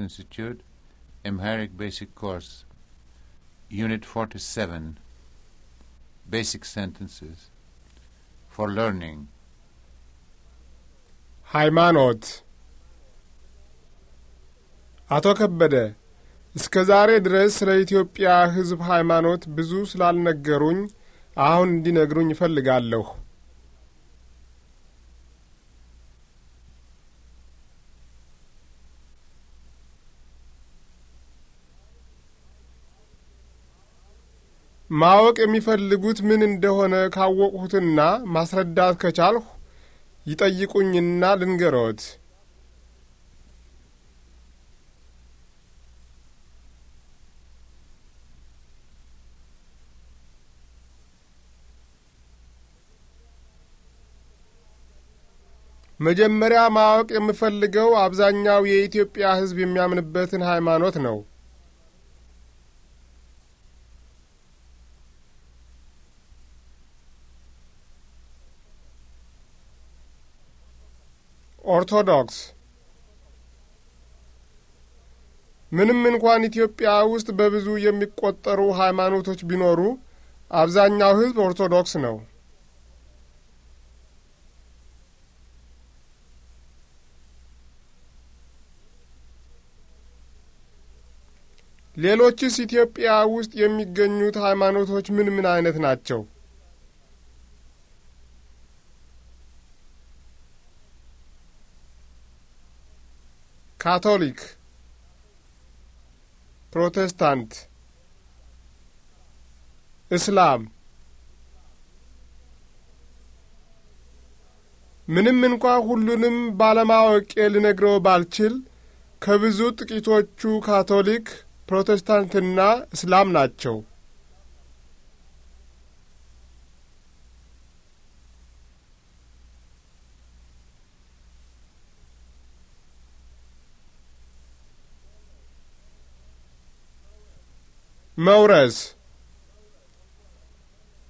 Institute Amharic Basic Course, Unit 47 Basic Sentences for Learning. ሃይማኖት አቶ ከበደ፣ እስከ ዛሬ ድረስ ስለ ኢትዮጵያ ሕዝብ ሃይማኖት ብዙ ስላልነገሩኝ አሁን እንዲነግሩኝ እፈልጋለሁ። ማወቅ የሚፈልጉት ምን እንደሆነ ካወቅሁትና ማስረዳት ከቻልሁ ይጠይቁኝና ልንገሮት። መጀመሪያ ማወቅ የምፈልገው አብዛኛው የኢትዮጵያ ሕዝብ የሚያምንበትን ሃይማኖት ነው። ኦርቶዶክስ ምንም እንኳን ኢትዮጵያ ውስጥ በብዙ የሚቆጠሩ ሃይማኖቶች ቢኖሩ አብዛኛው ሕዝብ ኦርቶዶክስ ነው። ሌሎችስ ኢትዮጵያ ውስጥ የሚገኙት ሃይማኖቶች ምን ምን አይነት ናቸው? ካቶሊክ ፕሮቴስታንት እስላም ምንም እንኳ ሁሉንም ባለማወቄ ልነግረው ባልችል ከብዙ ጥቂቶቹ ካቶሊክ ፕሮቴስታንትና እስላም ናቸው። መውረስ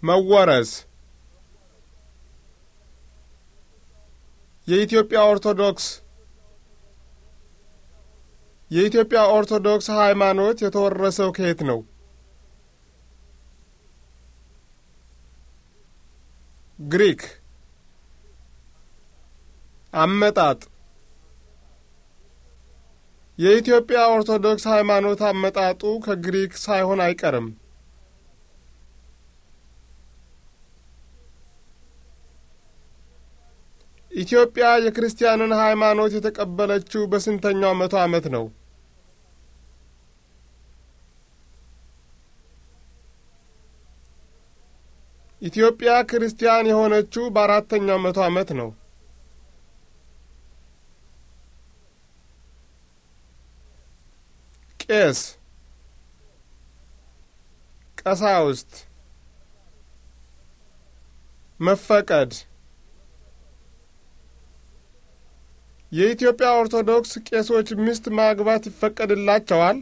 መወረስ የኢትዮጵያ ኦርቶዶክስ የኢትዮጵያ ኦርቶዶክስ ሃይማኖት የተወረሰው ከየት ነው? ግሪክ አመጣጥ የኢትዮጵያ ኦርቶዶክስ ሃይማኖት አመጣጡ ከግሪክ ሳይሆን አይቀርም። ኢትዮጵያ የክርስቲያንን ሃይማኖት የተቀበለችው በስንተኛው መቶ ዓመት ነው? ኢትዮጵያ ክርስቲያን የሆነችው በአራተኛው መቶ ዓመት ነው። ቄስ ቀሳውስት መፈቀድ የኢትዮጵያ ኦርቶዶክስ ቄሶች ሚስት ማግባት ይፈቀድላቸዋል?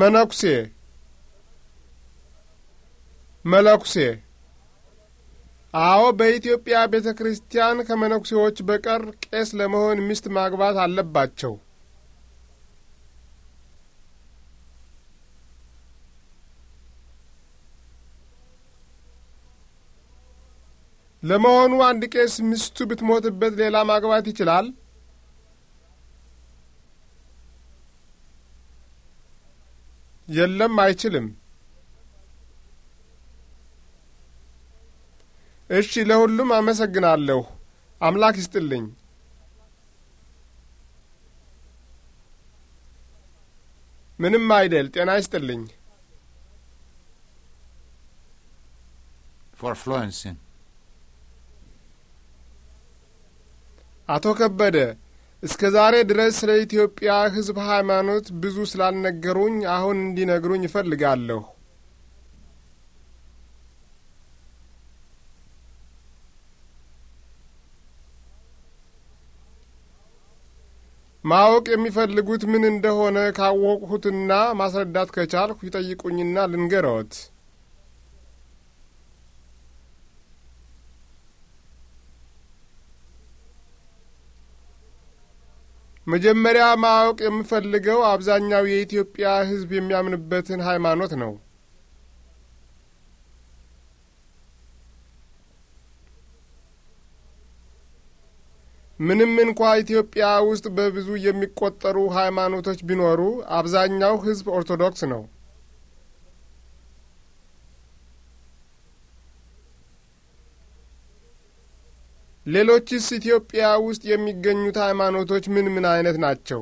መነኩሴ መለኩሴ አዎ በኢትዮጵያ ቤተ ክርስቲያን ከመነኩሴዎች በቀር ቄስ ለመሆን ሚስት ማግባት አለባቸው። ለመሆኑ አንድ ቄስ ሚስቱ ብትሞትበት ሌላ ማግባት ይችላል? የለም፣ አይችልም። እሺ፣ ለሁሉም አመሰግናለሁ። አምላክ ይስጥልኝ። ምንም አይደል። ጤና ይስጥልኝ። አቶ ከበደ እስከ ዛሬ ድረስ ስለ ኢትዮጵያ ሕዝብ ሃይማኖት ብዙ ስላልነገሩኝ አሁን እንዲነግሩኝ እፈልጋለሁ። ማወቅ የሚፈልጉት ምን እንደሆነ ካወቅሁትና ማስረዳት ከቻልሁ ይጠይቁኝና ልንገረዎት። መጀመሪያ ማወቅ የምፈልገው አብዛኛው የኢትዮጵያ ሕዝብ የሚያምንበትን ሃይማኖት ነው። ምንም እንኳ ኢትዮጵያ ውስጥ በብዙ የሚቆጠሩ ሃይማኖቶች ቢኖሩ አብዛኛው ሕዝብ ኦርቶዶክስ ነው። ሌሎችስ ኢትዮጵያ ውስጥ የሚገኙት ሃይማኖቶች ምን ምን አይነት ናቸው?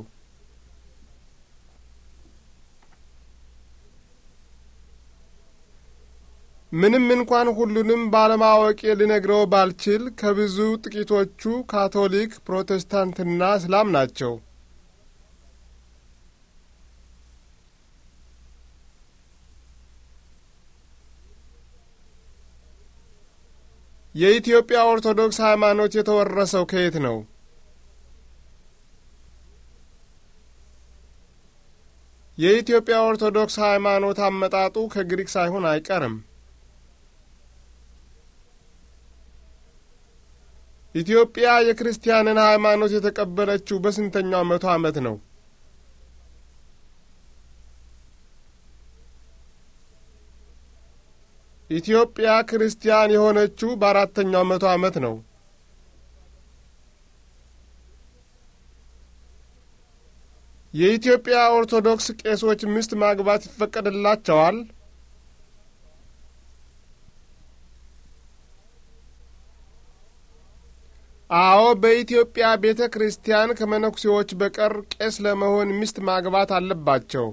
ምንም እንኳን ሁሉንም ባለማወቄ ልነግረው ባልችል ከብዙ ጥቂቶቹ ካቶሊክ፣ ፕሮቴስታንትና እስላም ናቸው። የኢትዮጵያ ኦርቶዶክስ ሃይማኖት የተወረሰው ከየት ነው? የኢትዮጵያ ኦርቶዶክስ ሃይማኖት አመጣጡ ከግሪክ ሳይሆን አይቀርም። ኢትዮጵያ የክርስቲያንን ሃይማኖት የተቀበለችው በስንተኛው መቶ ዓመት ነው? ኢትዮጵያ ክርስቲያን የሆነችው በአራተኛው መቶ ዓመት ነው። የኢትዮጵያ ኦርቶዶክስ ቄሶች ሚስት ማግባት ይፈቀድላቸዋል? አዎ በኢትዮጵያ ቤተ ክርስቲያን ከመነኩሴዎች በቀር ቄስ ለመሆን ሚስት ማግባት አለባቸው።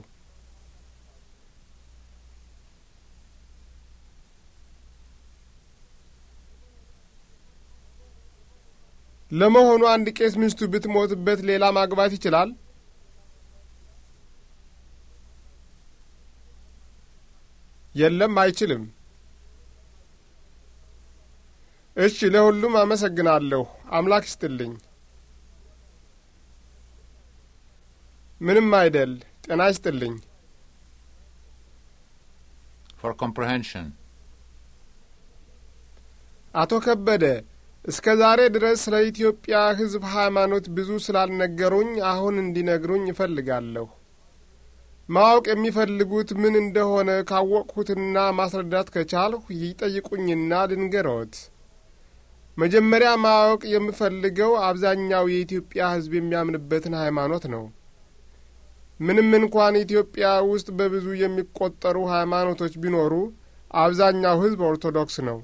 ለመሆኑ አንድ ቄስ ሚስቱ ብትሞትበት ሌላ ማግባት ይችላል? የለም፣ አይችልም። እሺ፣ ለሁሉም አመሰግናለሁ። አምላክ ይስጥልኝ። ምንም አይደል። ጤና ይስጥልኝ። ፎር ኮምፕሬንሽን አቶ ከበደ እስከ ዛሬ ድረስ ስለ ኢትዮጵያ ሕዝብ ሃይማኖት ብዙ ስላልነገሩኝ አሁን እንዲነግሩኝ እፈልጋለሁ። ማወቅ የሚፈልጉት ምን እንደሆነ ካወቅሁትና ማስረዳት ከቻልሁ ይጠይቁኝና ልንገሮት። መጀመሪያ ማወቅ የምፈልገው አብዛኛው የኢትዮጵያ ሕዝብ የሚያምንበትን ሃይማኖት ነው። ምንም እንኳን ኢትዮጵያ ውስጥ በብዙ የሚቆጠሩ ሃይማኖቶች ቢኖሩ አብዛኛው ሕዝብ ኦርቶዶክስ ነው።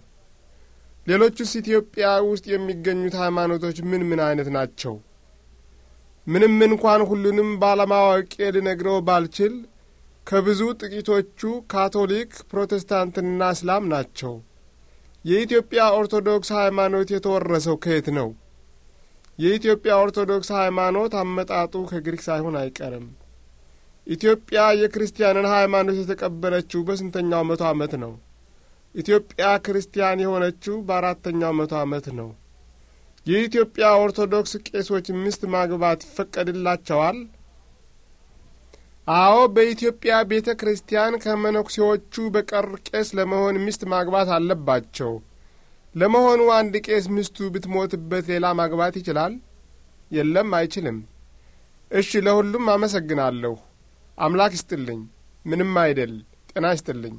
ሌሎቹስ ኢትዮጵያ ውስጥ የሚገኙት ሃይማኖቶች ምን ምን አይነት ናቸው? ምንም እንኳን ሁሉንም ባለማወቄ ልነግረው ባልችል ከብዙ ጥቂቶቹ ካቶሊክ፣ ፕሮቴስታንትና እስላም ናቸው። የኢትዮጵያ ኦርቶዶክስ ሃይማኖት የተወረሰው ከየት ነው? የኢትዮጵያ ኦርቶዶክስ ሃይማኖት አመጣጡ ከግሪክ ሳይሆን አይቀርም። ኢትዮጵያ የክርስቲያንን ሃይማኖት የተቀበለችው በስንተኛው መቶ ዓመት ነው? ኢትዮጵያ ክርስቲያን የሆነችው በአራተኛው መቶ ዓመት ነው። የኢትዮጵያ ኦርቶዶክስ ቄሶች ሚስት ማግባት ይፈቀድላቸዋል? አዎ በኢትዮጵያ ቤተ ክርስቲያን ከመነኩሴዎቹ በቀር ቄስ ለመሆን ሚስት ማግባት አለባቸው። ለመሆኑ አንድ ቄስ ሚስቱ ብትሞትበት ሌላ ማግባት ይችላል? የለም፣ አይችልም። እሺ፣ ለሁሉም አመሰግናለሁ። አምላክ ይስጥልኝ። ምንም አይደል። ጤና ይስጥልኝ።